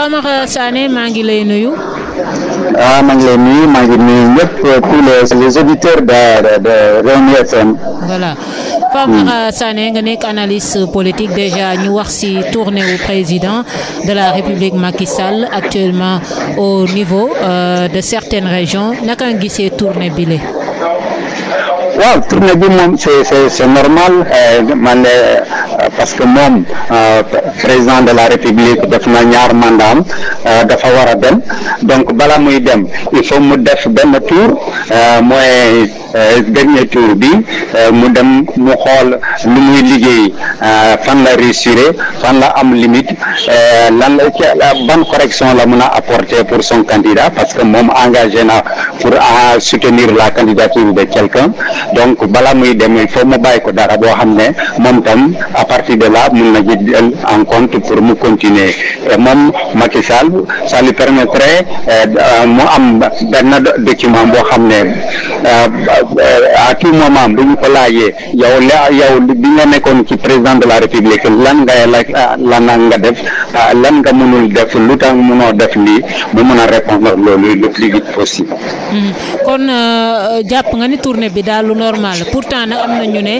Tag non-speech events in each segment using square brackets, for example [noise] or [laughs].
Famara Sané maa ngi lay nuyu. ah lay nuyu maa ngi euh, les auditeurs de de Rewmi voilà Famara hmm. Sané nga nekk analyste politique déjà ñu wax ci tournée wu président de la République Macky actuellement au niveau euh, de certaines régions naka nga gisee tournée bile. waaw tournée bi moom c'est c'est c'est normal euh, euh, parce que moom euh, président de la république def na ñaar mandaam dafa war a dem donc bala muy dem il faut mu def tour mooy Euh, dernier tour bi euh, mu dem mu xool lu muy liggéey euh, fan la réussir fan la am limite lan la ci ban correction la mun a apporter pour son candidat parce que moom engagé na pour soutenir la candidature de quelqu'un donc bala muy dem il mu bàyyi ko dara boo xam ne moom tam à partir de là mun na jël en compte pour mu continuer et moom Macky Sall ça lui permettrait mu am benn document boo xam ne a euh, tout moment bu ko laajee yow la yow bi nga nekkoon ci président de la république lan nga lan nga def euh, lan nga mënul def lu tax mënoo def lii mu mën a répondre loolu le plus vite possible. Hmm. kon euh, jàpp nga ni tournée bi daal lu normal pourtant nag am na ñu ne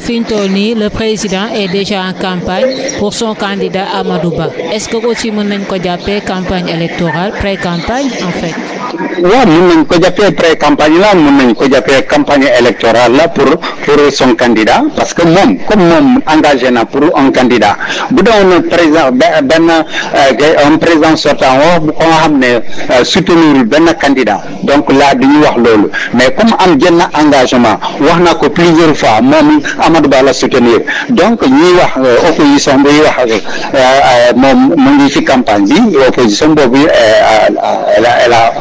fi too toll nii le président est déjà en campagne pour son candidat Amadou Ba est-ce que aussi mën nañ ko jàppe campagne électorale pré-campagne en fait. waaw mun nañ ko jàppee pré campagne la mun nañ ko jàppee campagne électorale la pour pour son candidat parce que moom comme moom engagé na pour un candidat bu doon président benn euh, un président sortant bu ko nga xam ne euh, soutenir benn candidat donc là dañuy wax loolu mais comme am genn engagement wax na ko plusieurs fois moom Amadou Ba la soutenir donc ñuy wax euh, opposition bi wax moom mu ngi ci campagne bi opposition boobu elle a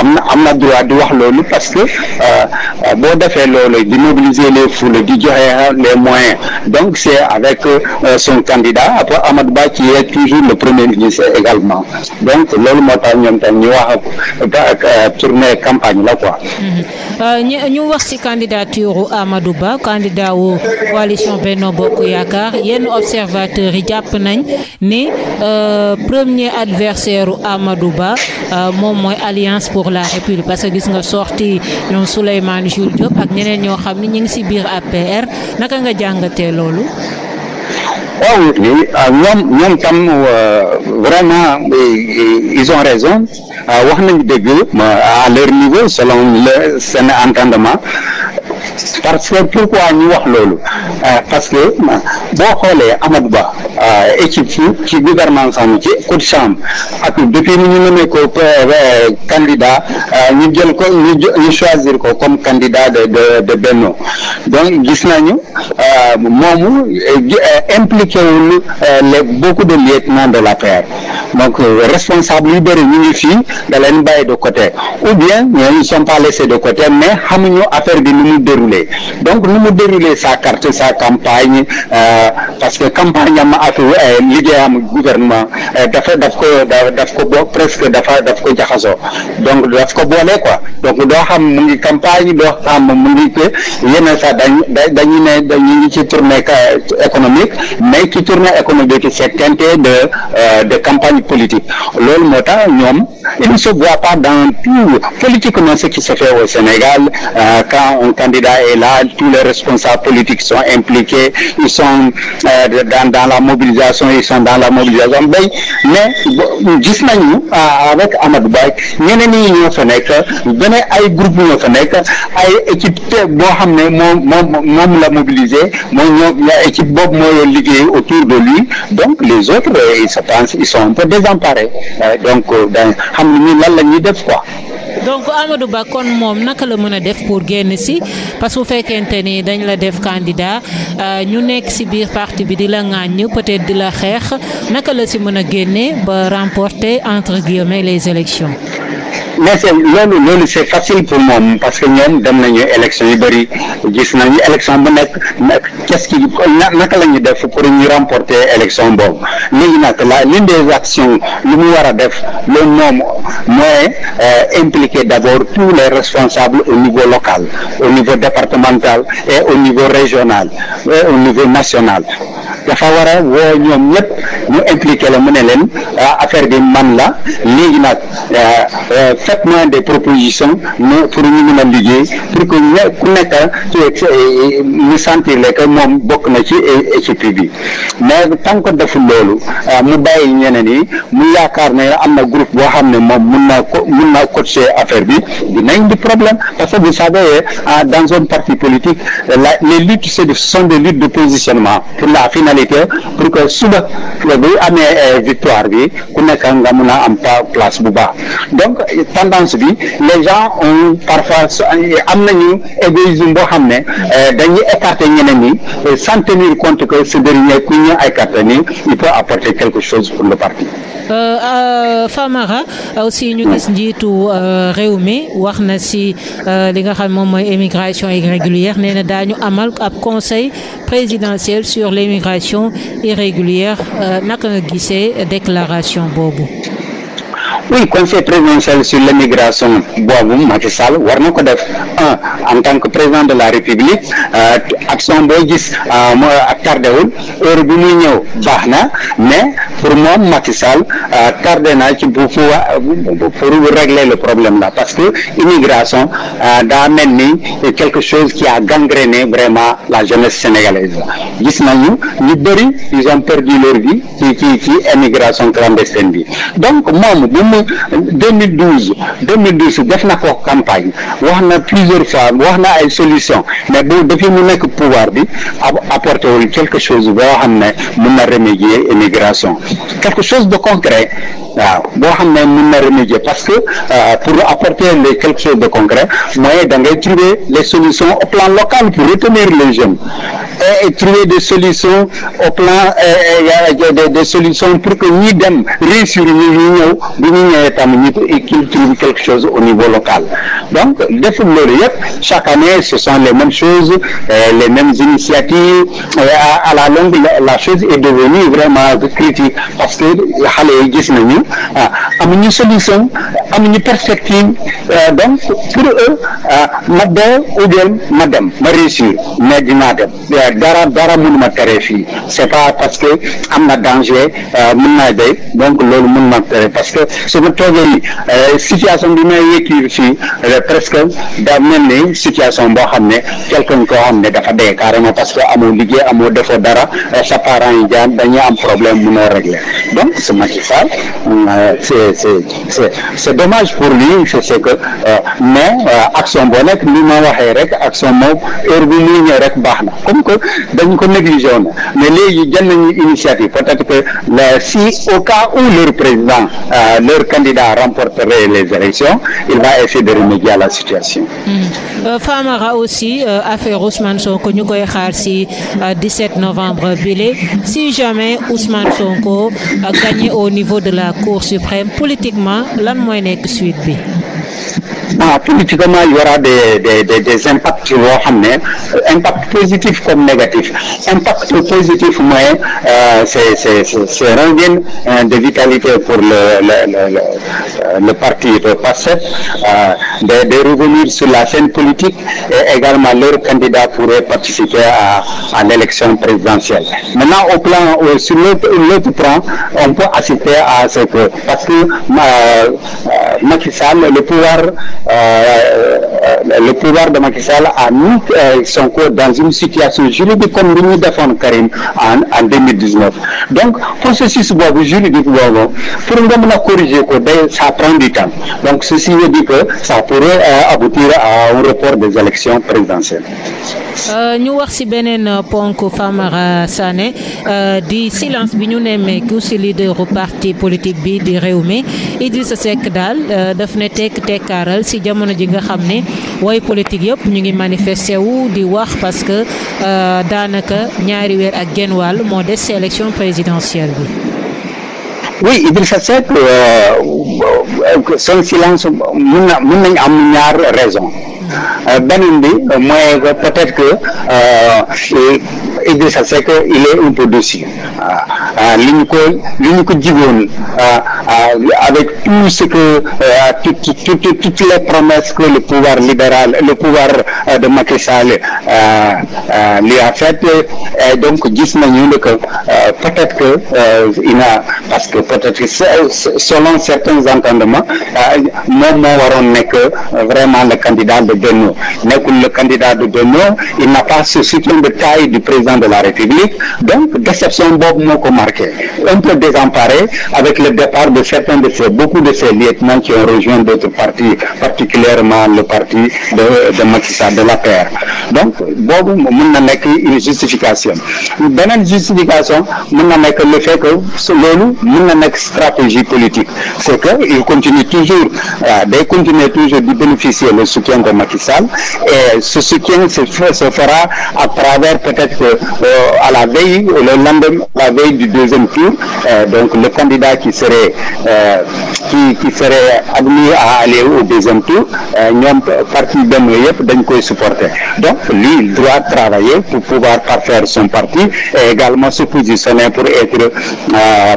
am na am na droit di wax loolu parce que euh, euh, boo defee loolu di mobiliser les foules di joxe les moyens donc c'est avec euh, son candidat après Amadou Ba qui est toujours le premier ministre également donc loolu moo tax ñoom tam ñu wax ba tournée campagne la quoi. Mm-hmm. ñu wax ci candidature Amadou Ba candidat wu coalition Benno Bokk Yaakaar yenn observateurs yi jàpp nañ ne premier adversaire Amadou moom mooy alliance. alliance pour la parce que gis nga sorti ñoom Souleymane Jules Diop ak ñeneen ñoo xam ne ñu ngi si biir APR naka nga jàngatee loolu. waaw ah, ñoom ñoom tam euh, vraiment ils ont raison ah, wax nañu dëgg à leur niveau selon le seen entendement. parce que pourquoi ñu wax loolu euh, parce que boo xoolee Amadou Ba euh, équipe ci ci gouvernance am ci coach am ak depuis ni ñu nommé ko euh, candidat ñu jël ko ñu choisir ko comme candidat de de de Benno donc gis nañu moomu impliqué wul les beaucoup de lieutenants de la paire donc euh, responsable yu ñu ngi fii da leen bàyyi de côté ou bien ñooñu sont pas laissés de côté mais xamuñu affaire bi nu mu déroulé donc nu mu déroulé sa carte sa campagne euh, parce que campagne am ak euh, am gouvernement dafa daf ko daf ko bo presque dafa daf ko jaxasoo donc daf ko boole ko donc doo xam mu ngi campagne doo xam mu ngi que yeneen sax dañ dañu ne dañu ngi ci tournée économique mais ci tournée économique c'est teinté de campagne politique loolu moo tax ñoom il ne se voit pas dans tout politiquement ce qui se fait au Sénégal euh, quand un candidat est là tous les responsables politiques sont impliqués ils sont euh, dans dans la mobilisation ils sont dans la mobilisation bay mais gis nañu euh, avec Amadou Ba ñeneen ñi ñoo fa nekk ay groupe ñoo fa nekk équipe boo xam ne moom moom moom la mobiliser moom ñoo équipe boobu moo liggéey autour de lui donc les autres euh, ils se pensent ils sont désemparés donc dañ euh, xam ne ñun lan la ñuy def quoi. donc Amadou Ba kon moom naka la mën a def pour génn si parce que bu fekkente ni dañu la def candidat euh, ñu nekk si biir parti bi di la ŋàññ peut-être di la xeex naka la si mën a génne ba remporter entre guillemets les élections. mais c'est loolu loolu c'est facile pour moom parce que ñoom dem nañu élection yu bëri gis nañu élection bu nekk nag qu'est-ce qui naka la ñu def pour ñu remporter élection boobu léegi nag la l'une des actions lu mu war a def loolu moom mooy euh, impliquer d'abord tous les responsables au niveau local au niveau départemental et au niveau régional et euh, au niveau national dafa war a woo ñoom ñëpp ñu impliqué la mu ne leen ah, affaire bi man la léegi nag ah, euh, faites-moi des propositions mais pour ñu mën a liggéey pour que ñë ku nekk euh, ñu sentir le moom bokk na ci équipe bi mais tant que deful loolu ah, mu bàyyi ñeneen yi mu yaakaar ne am na groupe boo xam ne moom mun naa ko mun naa coacher affaire bi dinañ di problème parce que bu savez dans un parti politique les luttes ce sont des luttes de positionnement pour la finalité qualité pour que suba bu amee eh, victoire bi ku nekk nga mun a am place bu baax donc tendance bi les gens ont parfois eh, am nañu égoïsme boo xam ne eh, dañuy écarter ñeneen ñi sans tenir compte que ce dernier ku ñu écarter nii il peut apporter quelque chose pour le parti. Euh, euh, Famara aussi ñu gis njiitu euh, réew mi wax na si li nga xam moom mooy immigration irrégulière nee na daañu amal ab conseil présidentiel sur l' immigration irrégulière naka nga gisee déclaration boobu. oui conseil présidentiel sur l'immigration boobu Macky Sall war na ko def euh, en tant que président de la république euh, action booy gis euh, mo tardewul heure bi ñëw baax na mais pour moom Sall tardé na ci bu pour régler le problème là parce que immigration daa mel ni quelque chose qui a gangréné vraiment la jeunesse sénégalaise gis nañu ñu bëri ils ont perdu leur vie ci ci ci immigration clandestine bi donc moom bi mu 2012 2012 def na ko campagne wax na plusieurs fois wax na ay mais bu mu nekk pouvoir bi théorie, quelque chose boo xam ne mun na remédier immigration quelque chose de concret boo xam ne mun parce que euh, pour apporter les quelque chose de concret mooy da ngay trouver les solutions au plan local pour retenir les jeunes et trouver des solutions au plan euh, euh, des solutions pour que ñi dem réussir ñu ñu ñëw bu ñu ñëwee tam ñu qu'ils quelque chose au niveau local donc def loolu yëpp chaque année ce sont les mêmes choses les mêmes initiatives à la longue la chose est devenue vraiment critique parce que xale yi gis nañu ah amuñu solution amuñu perspective euh, donc pour eux ah, ma dee ou bien ma dem ma réussir mais dinaa dem euh, dara dara ma tere fii c'est pas parce que am na danger euh, mën naa béy donc loolu mun ma teree parce que soo ma toogee ni situation bi may yëkkir fii presque da mel ni situation boo xam ne quelqu'un koo xam ne dafa dee carrément parce que amul liggéey liggéey amoo defoo dara euh, sa parents yi jaan dañuy am problème mënoo régler donc euh, c'est Macky c'est dommage pour lui je sais que euh, mais action boo nekk ni ma waxee rek action moom heure bu muy ñëw rek baax na comme que dañ ko négligé woon mais léegi jël nañu initiative peut-être que si au cas où leur président leur candidat remporterait les élections il va essayer de remédier à la situation. Hmm. Famara aussi affaire Ousmane Sonko ñu koy xaar si. 17 novembre bile si jamais Ousmane Sonko euh, gagne au niveau de la Cour suprême politiquement lan mooy nekk suite bi ah politiquement il y aura xam ne impact positif comme négatif impact positif mooy euh, c'est c'est euh, de vitalité pour le le le le, euh, le parti de PASTEF de de sur la scène politique et également leurs candidats pourraient participer à à l'élection présidentielle maintenant au plan euh, sur l'autre plan on peut assister à ce que parce que euh, Macky Sall le pouvoir euh, euh, le pouvoir de Macky Sall a mis euh, Sonko dans une situation juridique comme li ñu defoon Karim en en deux mille dix neuf donc processus boobu juridique boobu pour nga a corriger ko de ça prend du temps donc ceci veut dire que ça pourrait aboutir à un report des élections présidentielles. ñu wax ci beneen ponk Famara Sané di silence bi ñu nemmeeku parti politique bi di Rewmi Idrissa Seck daal Euh, daf ne tekk tekkaaral si jamono ji nga xam ne way politique yëpp ñu ngi manifesté wu di wax parce que euh, daanaka ñaari weer ak genn wàll moo des si élection présidentielle bi. oui Idrissa Seck euh, son silence mun na mun nañu am ñaar raison beneen bi mooy peut-être que. Idrissa Seck il est un peu dessus euh, euh, li ñu ko li ñu ko jigoon euh, avec tout ce que toutes toutes toutes les promesses que le pouvoir libéral le pouvoir de Macky Sall lui a fait et donc gis nañu ne que peut-être que il a que peut-être selon certains entendements moom moo waroon nekk vraiment le candidat de Benno nekkul le candidat de Benno il n'a pas ce soutien de taille du président président de la République donc déception boobu moo ko marqué un peu désemparé avec le départ de certains de ses beaucoup de ses lieutenants qui ont rejoint d'autres partis particulièrement le parti de de Macky donc boobu mën na nekk une justification beneen justification mën na nekk le fait que loolu mën na nekk stratégie politique c'est que il continue toujours euh, day bénéficier le soutien de Macky et ce soutien se fera à travers peut-être Euh, à la veille, le lendemain, la veille du deuxième tour, euh, donc le candidat qui serait euh, qui qui serait admis à aller au deuxième tour ñoom parti benn yëpp dañ koy supporter donc lui il doit travailler pour pouvoir parfaire son parti et également se positionner pour être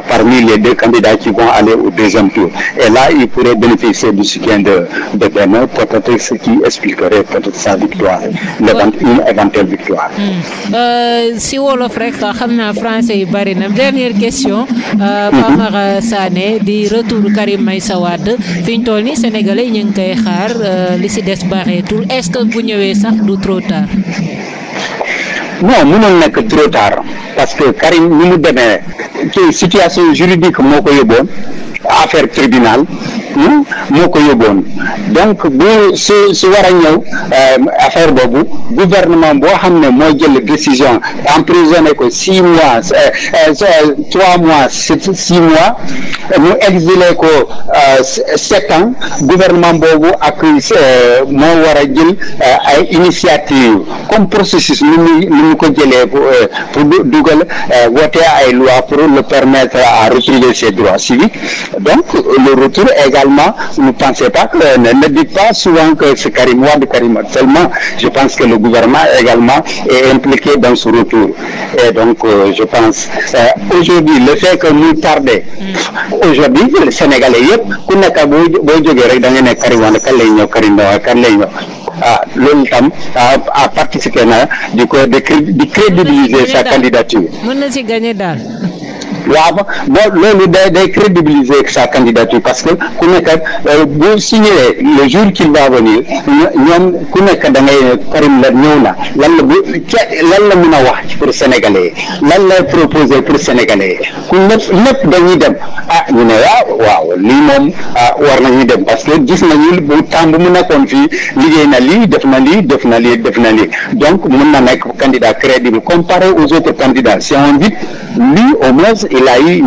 parmi les deux candidats qui vont aller au deuxième tour et là il pourrait bénéficier du soutien de de Benno peut-être ce qui expliquerait peut-être sa victoire l'éventuelle victoire hmm. si wolof rek xam naa français yu bari na dernière question. Famara euh, Sané di retour Karim Meïssa Wade fi ñu toll nii sénégalais ñu ngi koy xaar euh, li si des bareetul est-ce que bu ñëwee sax du trop tard. non mënul nekk trop parce que Karim ni mu demee ci situation juridique moo ko yóbboon affaire tribunal. Hmm? moo ko yóbboon donc bu si si war a ñëw euh, affaire boobu gouvernement boo xam ne moo jël décision emprisonné ko six mois euh, euh, trois mois six mois mu exilé ko sept ans gouvernement boobu ak moo war a jël ay initiative comme processus nu mu nu ko jëlee pour dugal voter ay loi pour le permettre à retrouver ses droits civiques donc le retour également ne pensez pas que euh, ne, ne dites pas souvent que c'est Karim Wade Karim Wade seulement je pense que le gouvernement également est impliqué dans ce retour et donc euh, je pense euh, que muy tardé mm. aujourd'hui Sénégalais yëpp ku nekk boo boo jógee rek da nga ne Karim Wade kan lay ñëw Karim Wade kan lay ñëw ah loolu tam à participer na di ko di crédibiliser sa candidature mën na ci gagner daal waaw bon loolu day day crédibiliser sa candidature parce que ku nekk euh, bu signé le jour qu'il va venir ñoom ku nekk da ngay Karim la ñëw na lan la bu lan la mën a wax pour sénégalais yi lan lay proposer pour sénégalais ku ñëpp ñëpp dañuy dem ah ñu ne waaw waaw lii moom ah war nañu dem parce que gis nañu bu temps bu mu nekkoon fii liggéey na lii def na lii def na lii def na lii donc mën na nekk candidat crédible comparé aux autres candidats si on dit lui au moins il a eu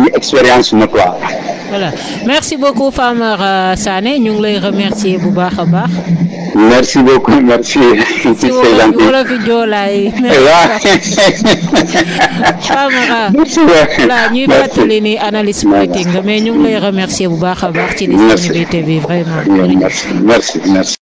voilà merci beaucoup Famara euh, Sané ñu ngi lay remercier bu baax a baax. merci beaucoup merci. si [laughs] [laughs] wolof yi joolaay. [laughs] Famara. Euh, voilà ñuy fàttali ni analyse politique nga mais ñu ngi lay remercier bu baax a baax. ci disponibilité bi vraiment.